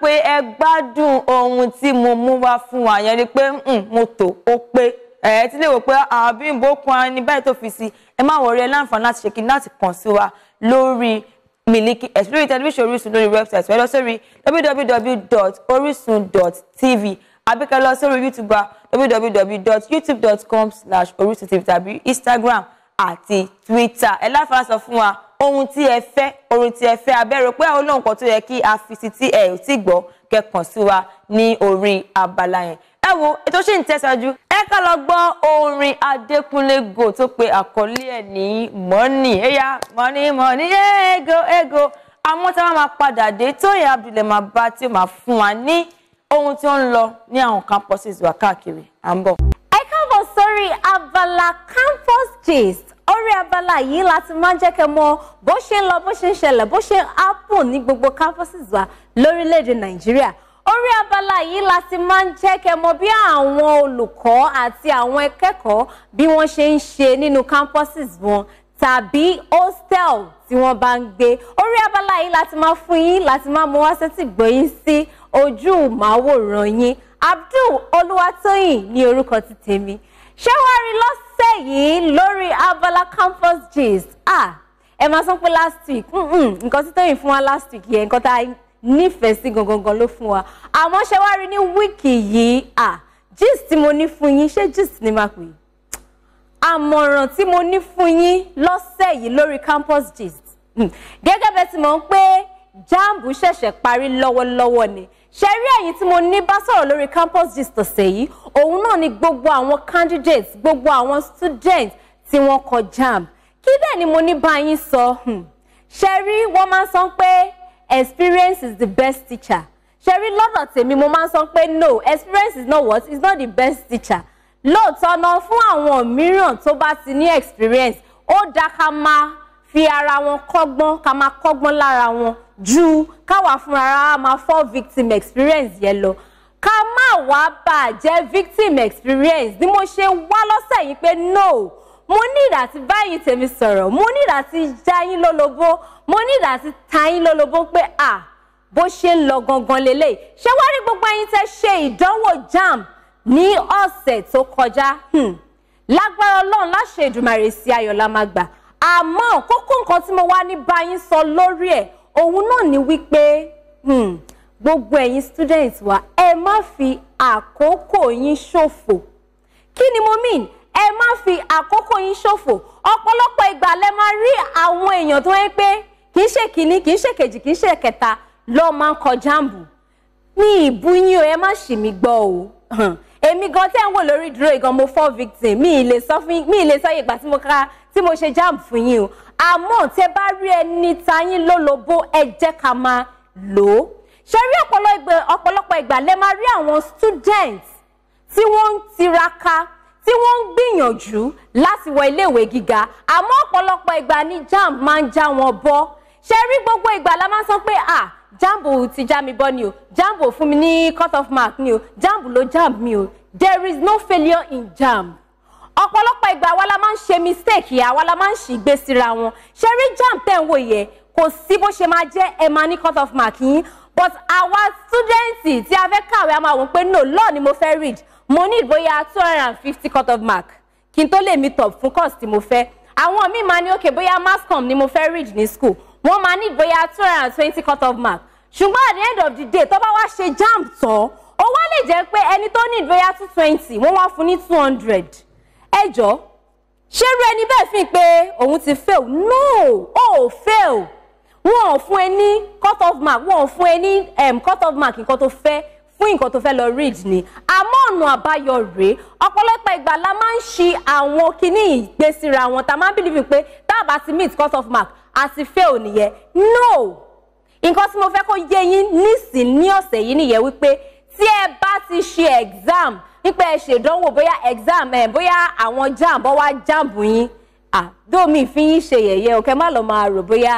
pé ẹ gbádùn ohun tí mo mú wá fún wa yẹn ni pé hmm, mo tò ó pé ẹ ti lè wò pé àbíǹbó ah, kan ni báyìí tó fi sí ẹ má wọrí ẹ láǹfààní láti ṣe kí láti kàn sí wa lórí Miliki Express lórí tẹlifíṣàn Orísun lórí wẹ́bsáìtì wẹ́n lọ sórí www.orisun.tv àbíkẹ́ lọ sórí YouTube www.youtube.com/orisuntv tàbí Instagram àti Twitter ẹ láǹfààní sọ fún wa ohun tí ẹ fẹ́ orin tí ẹ fẹ́ abẹ́rẹ́ pé àwọn olóhùn kan tó yẹ kí a fi sí tí ẹ ò tí gbọ́ kẹkàn sí wa ní orí abala yẹn ẹ wo ètò ṣì ń tẹ̀síwájú ẹ ká lọ gbọ́ orin Adékúnlé Gold tó pe àkọlé ẹ̀ ní mọ́nì ẹ̀yà mọ́nì mọ́nì ego ego àmọ́ máa padà dé Tóyìn Abdul máa bá tí ó máa fún wa ní ohun tí ó ń lọ ní àwọn campuses wa káàkiri à ń bọ̀. ẹ káàbọ̀ sórí abala campus gist orí abala yìí láti máa ń jẹ́ kẹ́ mọ̀ bó ṣe ń lọ bó ṣe ń ṣẹlẹ̀ bó ṣe ń ápùn ní gbogbo campuses wa lórílẹ̀‐èdè nàìjíríà orí abala yìí láti máa ń jẹ́ kẹ́ mọ̀ bí àwọn olùkọ́ àti àwọn akẹ́kọ̀ọ́ bí wọ́n ṣe ń ṣe nínú campuses wọn tàbí hostel tí wọ́n bá ń gbé orí abala yìí láti máa fún yín láti máa mú wá sétí gbọ́yìn sí ojú màwòrán yín Abdul Olúwatóyìn ní orúkọ ti tèmi ṣé wàá rí lọ́sẹ̀ yìí lórí abala campus gist ah ẹ máa sọ pé last week nǹkan tí Tóyìn fún wa last week yẹn nǹkan tá a nífẹ̀ẹ́ sí gangan gan ló fún wa àmọ́ ṣé ní wíìkì yìí ah gist tí mo ní fún yín ṣé gist ni máa pè é àmọ̀ràn tí mo ní fún yín lọ́sẹ̀ yìí lórí campus gist hmm, gẹ́gẹ́ bẹ́ẹ̀ tí mo ń pé jambu ṣẹ̀ṣẹ̀ parí lọ́wọ́lọ́wọ́ ni ṣe rí ẹ̀yin tí mo ní bá sọ̀rọ̀ lórí campus gist ọ̀sẹ̀ yìí òun náà ni gbogbo àwọn candidates gbogbo àwọn students tí wọ́n kọ JAMB kí dẹ̀ ni mo ní bá yín sọ hmm. ṣe rí wọ́n máa ń sọ pé experience is the best teacher ṣe rí lọ́dọ̀ tèmi mo máa ń sọ pé no experience is not what is not the best teacher lóòótọ́ náà fún àwọn mìíràn tó bá ti ní experience ó dáa ká máa fi ara wọn kọ́gbọ́n ká máa kọ́gbọ́n lára wọn ju káwa fúnra máa fọ́ victim experience yẹn lọ ká má wàá bàjẹ́ victim experience ni mo ṣe wá lọ́sẹ̀ yìí pé no mo ní ìdàtí báyìí tèmi sọ̀rọ̀ mo ní ìdàtí já yín lólobó mo ní ìdàtí ta yín lólobó pé à bó ṣe ń lọ gangan lélẹ̀ ṣé wá rí gbogbo ẹ̀yin tẹ́ ṣe ìdánwò JAMB ní ọ̀sẹ̀ tó kọjá hmm. lágbára ọlọ́run láṣẹ ìdùmarè sí ayọ̀ la máa gbà àmọ́ kókó nǹkan tí mo wá ní báyìí sọ lórí ẹ̀ òun náà ni wípé hmm, gbogbo ẹ̀yin students wa ẹ má fi àkókò yín ṣòfò kí ni mo mean ẹ má fi àkókò yín ṣòfò ọ̀pọ̀lọpọ̀ ìgbà lẹ máa rí àwọn èèyàn tó yẹ pé kì í ṣe kìíní kì í ṣe kejì kì í ṣe kẹta lọ́ọ́ máa ń kọ jáàmbù ní ìbú yín o ẹ má ṣì mí gbọ́ o èmi gan tẹ́ ń wò lórí dúró ìgan mo fall victim mi ì lè sọ fún mi ì lè sọ ìgbà tí mo ká tí mo ṣe jáàmbù fún yín o àmọ́ tẹ́ bá rí ẹni ta lólobó ẹ jẹ́ ká máa lò ó ṣe rí ọ̀pọ̀lọpọ̀ ìgbà lẹ máa rí àwọn students tí wọ́n ń tiraka tí wọ́n ń gbìyànjú láti wọ iléèwé gíga àmọ́ ọ̀pọ̀lọpọ̀ ìgbà ni jamb máa ń já wọn bọ́ ṣe rí gbogbo ìgbà la máa ń sọ pé à jamb ò ti já mi bọ́ ni o jamb ò fún mi ní cut off mark ni o jamb ló jamb mi o there is no failure in jamb ọ̀pọ̀lọpọ̀ ìgbà wa la máa ń ṣe mistake yà wa la máa ń ṣì gbé síra wọn ṣe rí jamb tẹ̀ ń wò yẹ kò sí bó ṣe máa jẹ́ ẹ̀ máa ní cut off mark yín but àwa túdẹ́ǹtì tí a fẹ́ kàwé a máa wò pé no law ni mo fẹ́ read mo ní ìbóyá two hundred and fifty cut of mark kí n tó lè meet up fún course tí mo fẹ́ àwọn míì máa ní okay bóyá mass com ni mo fẹ́ read ní school wọ́n máa ní ìbóyá two hundred and twenty cut of mark ṣùgbọ́n at the end of the day tó bá wá ṣe jamb tán ó wá lè jẹ́ pé ẹni tó ní ìbóyá two twenty wọ́n wá fún ní two hundred ẹjọ́ ṣé irú ẹni bẹ́ẹ̀ fi pé òun ti fail no ó oh, fail wọn ò fún ẹ ní cut off mark wọn ò fún ẹ ní cut off mark nǹkan tó fẹ́ fún nǹkan tó fẹ́ lọ read ni àmọ́ ọ̀nà àbáyọ rèé ọ̀pọ̀lọpọ̀ ìgbà la máa ń ṣe àwọn kinní ìgbésíra wọn tá a máa ń believe pé tá a bá ti meet cut off mark a ti fail nìyẹn no nǹkan tí mo fẹ́ kó yé yín nísìn ní ọ̀sẹ̀ yìí nìyẹn wípé tí ẹ bá ti ṣe exam nípa ẹ ṣèdánwò bóyá exam ẹ bóyá àwọn jamb ọwá jamb yín àdó mi fi yín ṣe yẹ̀yẹ́ o kẹ́ má lọ máa rò bóyá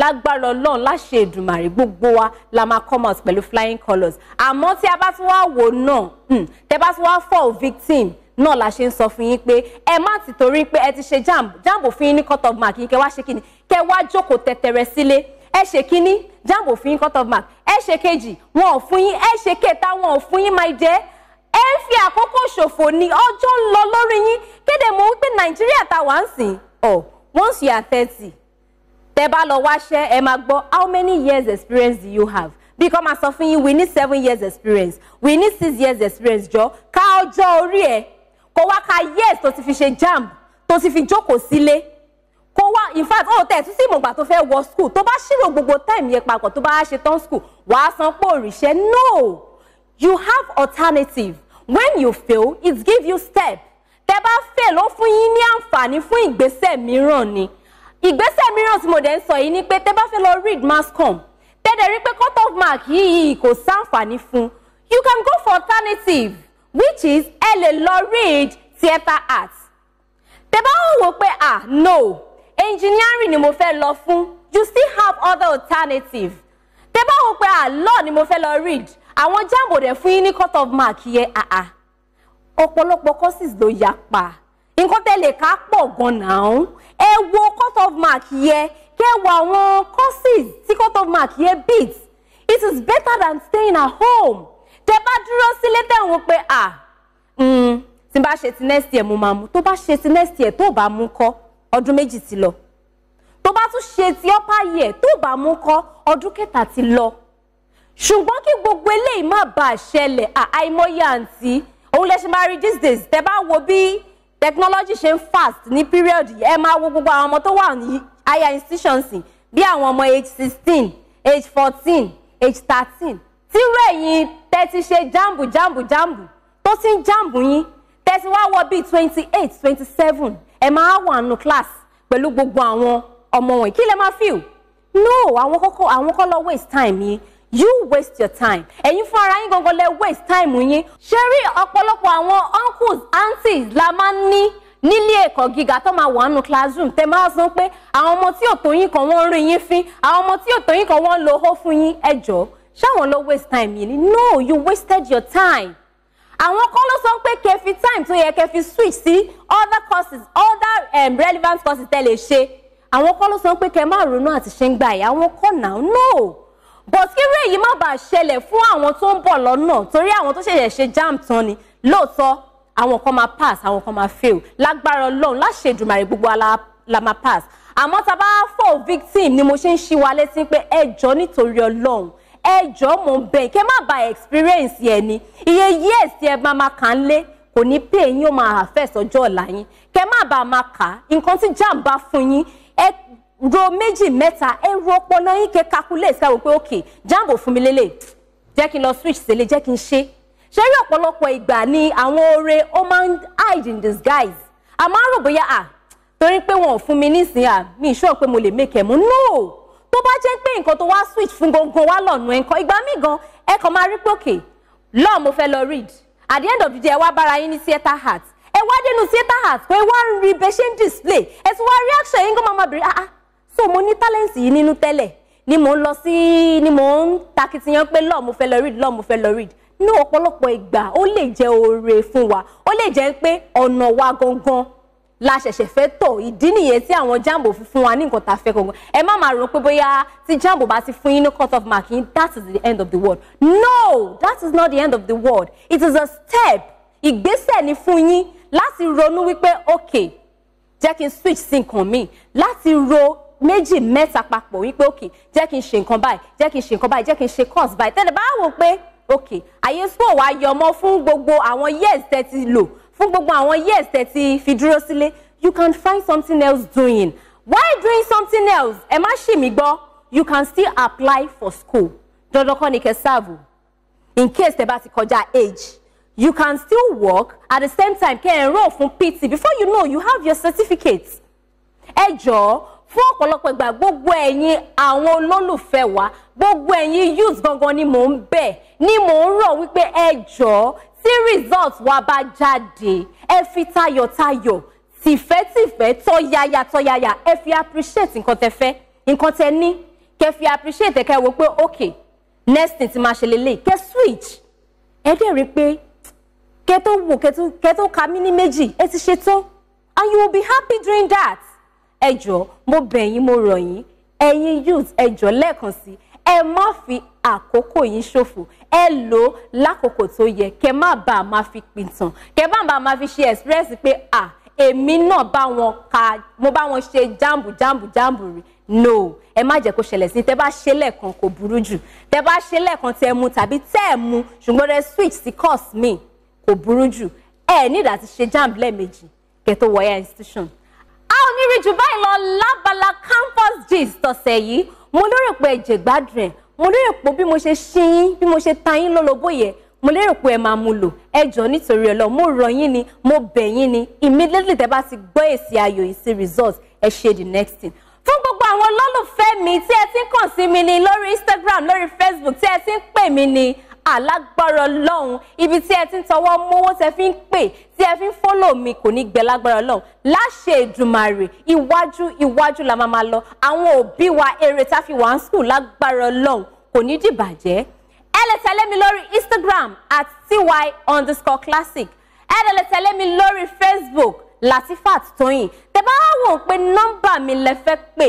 lágbára ọlọ́run láṣẹ ìdùmàrè gbogbo wa la máa come out pẹ̀lú flying colours àmọ́ tí a bá tún wá wò náà hmm, tẹ bá tún wá fall victim náà la ṣe ń sọ fún yín pé ẹ má ti torí pé ẹ ti ṣe jamb jamb òfin ní cut of mark yín kẹ wá ṣe kíni kẹ wá jókòó tẹtẹrẹ sílé ẹ ṣe kíní jamb òfin yín cut of mark ẹ ṣe kejì wọn ò fún yín ẹ ṣe kẹta wọn ò fún yín máa jẹ ẹ ń fi àkókò ṣòfò ní ọjọ́ ń lọ lórí yín kéde mo wípé nàìjíríà ta wà ń sìn ọ oh, once you are thirty tẹ bá lọ wáṣẹ́ ẹ máa gbọ́ how many years experience do you have bí kò máa sọ fún yín we need seven years experience we need six years experience jọ ká ọjọ́ orí ẹ kó wá ka years tó ti fi ṣe jamb tó ti fi jókòó sílé kó wá in fact ó tẹ̀ tún sí ìmọ̀gbà tó fẹ́ wọ school tó bá ṣírò gbogbo time yẹn papọ̀ tó bá ṣe tán school wàá san pò ríṣẹ́ no you have alternative when you fail it give you step tẹ bá fail ó fún yín ní àǹfààní fún ìgbésẹ̀ mìíràn ni ìgbésẹ̀ mìíràn tí mo dẹ̀ ń sọ yìí ni pé tẹ́ bá fẹ́ lọ read mascom tẹ́lẹ̀ rí pé cut off mark yìí kò sáǹfààní fún you can go for alternative which is ẹ lè lọ read theatre arts tẹ́ bá wọ́n wò pé ah no engineering ni mo fẹ́ lọ fún you still have other alternative tẹ́ bá wò pé ah law ni mo fẹ́ lọ read àwọn jambo dẹ̀ fún yín ní cut off mark yẹn ah ah ọ̀pọ̀lọpọ̀ courses ló yapa nǹkan tẹ́lẹ̀ ká pọ̀ gan-an ẹ wo cut off mark yẹ kẹ wo àwọn courses tí cut off mark yẹ beat it is better than staying at home tẹ bá dúró sílé tẹ̀wọ̀n pé à mm, tí n bá ṣe ti next year mo máa mú tó bá ṣe ti next year tó bá mú kọ́ ọdún méjì ti lọ tó bá tún ṣe ti upper year tó bá mú kọ́ ọdún kẹta ti lọ ṣùgbọ́n kí gbogbo eléyìí má bàa ṣẹlẹ̀ àìmọye àǹtí òun lẹ ṣe máa rí these days tẹ bá wo bí technology ṣe ń fast ní period yìí ẹ máa wo gbogbo àwọn ọmọ tó wà ní higher institutions bí àwọn ọmọ age sixteen age fourteen age thirteen tírú ẹ̀yin tẹ́ ti ṣe jambu jambu jambu tó ti ń jambu yín tẹ́ ti wá wọ bíi twenty eight twenty seven ẹ máa wà nù class pẹ̀lú gbogbo àwọn ọmọ wọ̀nyí kí lẹ máa feel no àwọn kọ́kọ́ àwọn kọ́ lọ waste time yìí you waste your time ẹ̀yin fún ara yín gangan lẹ waste time yín ṣé rí ọ̀pọ̀lọpọ̀ àwọn uncles aunties la máa ń ní nílé ẹ̀kọ́ gíga tó máa wà nù classroom tẹ máa sọ pé àwọn ọmọ tí ò tó yín kan wọ́n ń rí yín fín àwọn ọmọ tí ò yín kan wọ́n ń lo owó fún yín ẹ jọ̀ọ́ ṣáwọn ló waste time yìí ni no you wasted your time àwọn kan ló sọ pé kẹ́ time tó yẹ kẹ́ fi switch sí other courses other um, relevant courses tẹ́ lè ṣe àwọn kan ló sọ pé kẹ́ má ronú àti ṣe ń gbà yà àwọn kan náà no but kírú èyí má bàa ṣẹlẹ̀ fún àwọn tó ń bọ̀ lọ́nà torí àwọn tó ṣẹ̀ṣẹ̀ ṣe jam tán ni lóòótọ́ àwọn kan máa pass àwọn kan máa fail lágbára ọlọ́run láṣẹ ìdùmàrè gbogbo ala la máa pass àmọ́ tá a bá fọ́ victim ni mo ṣe ń ṣí wa létí pé ẹjọ́ nítorí ọlọ́run ẹjọ́ mò ń bẹ̀ kẹ́ má bàa experience yẹn ni iye years tí ẹ máa máa kàn lé kò ní pè yín ó máa àfẹ́sọ́jọ́ ọ̀la yín kẹ́ má bàa máa kà nǹkan tí jam bá fún yín ro méjì mẹ́ta ẹ ro ọpọlọ yín kẹ calculate ká wò pé ok jambo fún mi lélẹ̀ jẹ́ kí n lọ switch sílé jẹ́ kí n ṣe ṣe rí ọ̀pọ̀lọpọ̀ ìgbà ni àwọn oore ó máa ń hide in disguise a máa ń rò bóyá à torí pé wọn ò fún mi nísìnyí à mi ìṣó pé mo lè make ẹ̀ mú no tó bá jẹ́ pé nǹkan tó wá switch fún gangan wá lọ́nà ẹ̀ kan ìgbà míì gan ẹ kàn máa rí pé òkè lọ́ọ̀ mo fẹ́ lọ read at the end of the day ẹ wá bára yín ní theatre heart ẹ wá dénú theatre heart pé wá ń rí bẹ́ẹ̀ ṣe ń display ẹ tún wá reaction yín gan máa máa bèrè ah ah so mo ní tálẹ́ǹtì yìí nínú tẹ́lẹ̀ ni mo ń lọ sí ni mo ń takitiyan pé lọ́ọ̀ mo fẹ́ lọ read lọ́ọ̀ mo fẹ́ lọ read ní ọ̀pọ̀lọpọ̀ ìgbà ó lè jẹ́ oore fún wa ó lè jẹ́ pé ọ̀nà wa gangan la ṣẹ̀ṣẹ̀ fẹ́ tọ̀ ìdí nìyẹn tí àwọn jambo fi fún wa ní nǹkan tá a fẹ́ gangan ẹ má máa rò pé bóyá tí jambo bá ti fún yín ní cut off mark yín that is the end of the world no that is not the end of the world it is a step ìgbésẹ̀ ni fún yín láti ronú wípé ok jẹ́ kí n switch sí nǹkan míì láti ro méjì mẹ́ta papọ̀ wípé òkè jẹ́ kí n ṣe nǹkan báyìí jẹ́ kí n ṣe nǹkan báyìí jẹ́ kí n ṣe course báyìí tẹ́lẹ̀ bá wò pé òkè àyè school wa yọmọ fún gbogbo àwọn years tẹ́ ti lò fún gbogbo àwọn years tẹ́ ti fi dúró sílé you can find something else doing why doing something else ẹ má ṣì mí gbọ́ you can still apply for school dandan kọ́ ni kẹ́ sáàbù in case tẹ́ bá ti kọjá age you can still work at the same time kẹ́ enroll fún PT before you know you have your certificate ẹ jọ̀ọ́ fún ọ̀pọ̀lọpọ̀ ìgbà gbogbo ẹ̀yin àwọn olólùfẹ́ wa gbogbo ẹ̀yin youth gangan ni mò ń bẹ̀ ni mò ń rọ̀ wípé ẹ jọ̀ọ́ tí result wa bá jáde ẹ fi tayọ̀tayọ̀ tìfẹ́tìfẹ́ tọ̀yàyà tọ̀yàyà ẹ fi appreciate nǹkan tẹ fẹ́ nǹkan tẹ ní kẹ fi appreciate ẹ kẹ wò pé ok next thing ti máa ṣe lélẹ̀ kẹ switch ẹ dẹ̀ rí pé kẹ tó wò kẹ tó ka mí ní méjì ẹ ti ṣe tán and you will be happy during that ẹ mo bẹ̀ mo rọ̀ yín ẹ̀yin youth ẹ jọ̀ọ́ lẹ́ẹ̀kan sí ẹ má fi àkókò yín ṣòfò ẹ lò ó lákòókò tó yẹ kẹ́ má bàa máa fi pìtàn kẹ́ má bàa máa fi ṣe express pé ah èmi náà bá wọn ka mo bá wọn ṣe jambu jambu jambu rí no ẹ má jẹ́ kó ṣẹlẹ̀ sí tẹ́ bá ṣe lẹ́ẹ̀kan kò burú jù tẹ́ bá ṣe lẹ́ẹ̀kan tẹ́ mu tàbí tẹ́ mu ṣùgbọ́n rẹ switch sí course mi kò burú jù ẹ nídàá ti ṣe jamb lẹ́ẹ̀mejì kẹ́ tó wọ ẹ institution a ò ní rí jù báyìí lọ lábala campus gist ọ̀sẹ̀ yìí mo lérò pé ẹ jẹ gbádùn ẹ̀ mo lérò pé bí mo ṣe ṣí yín bí mo ṣe ta yín lólobó yẹ mo lérò pé ẹ máa mu lò ẹ jọ̀ọ́ nítorí ẹ lọ mo rọ̀ yín ni mo bẹ̀ yín ni immediately tẹ́ bá ti gbọ́ èsì ayò ìsì results ẹ ṣe the next thing fún gbogbo àwọn olólùfẹ́ mi tí ẹ ti ń kàn sí mi ni lórí Instagram lórí Facebook tí ẹ ti ń pè mí ni alágbára ọlọ́run ibi tí ẹ ti ń tọwọ́ mọ́wọ́ tẹ fi ń pè tí ẹ fi ń fọ́lọ̀ mi kò ní gbẹ lágbára ọlọ́run láṣẹ ìdùmarè iwájú iwájú la máa máa lọ àwọn òbí wa eré tá a fi wà ń sùn lágbára ọlọ́run kò ní dìbàjẹ́ ẹ lè tẹ̀lé mi lórí Instagram at cy underscore classic ẹ dẹ̀ lè tẹ̀lé mi lórí Facebook Latifat Tóyìn tẹ́ bá wò ó pé nọ́mbà mi lẹ fẹ́ pè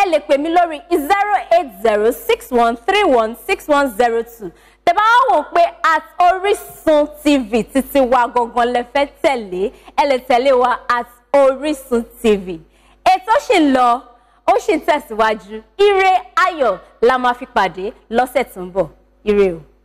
ẹ lè pè mí lórí zero eight zero six one three one six one zero two tẹ bá wò pé at Orísun TV títí wa gangan lẹ fẹ́ tẹ̀lé ẹ lè tẹ̀lé wa at Orísun TV ètò ṣì ń lọ ó ṣì ń tẹ̀síwájú ire ayọ̀ la máa fi pàdé lọ́sẹ̀ tó ń bọ̀ ire o.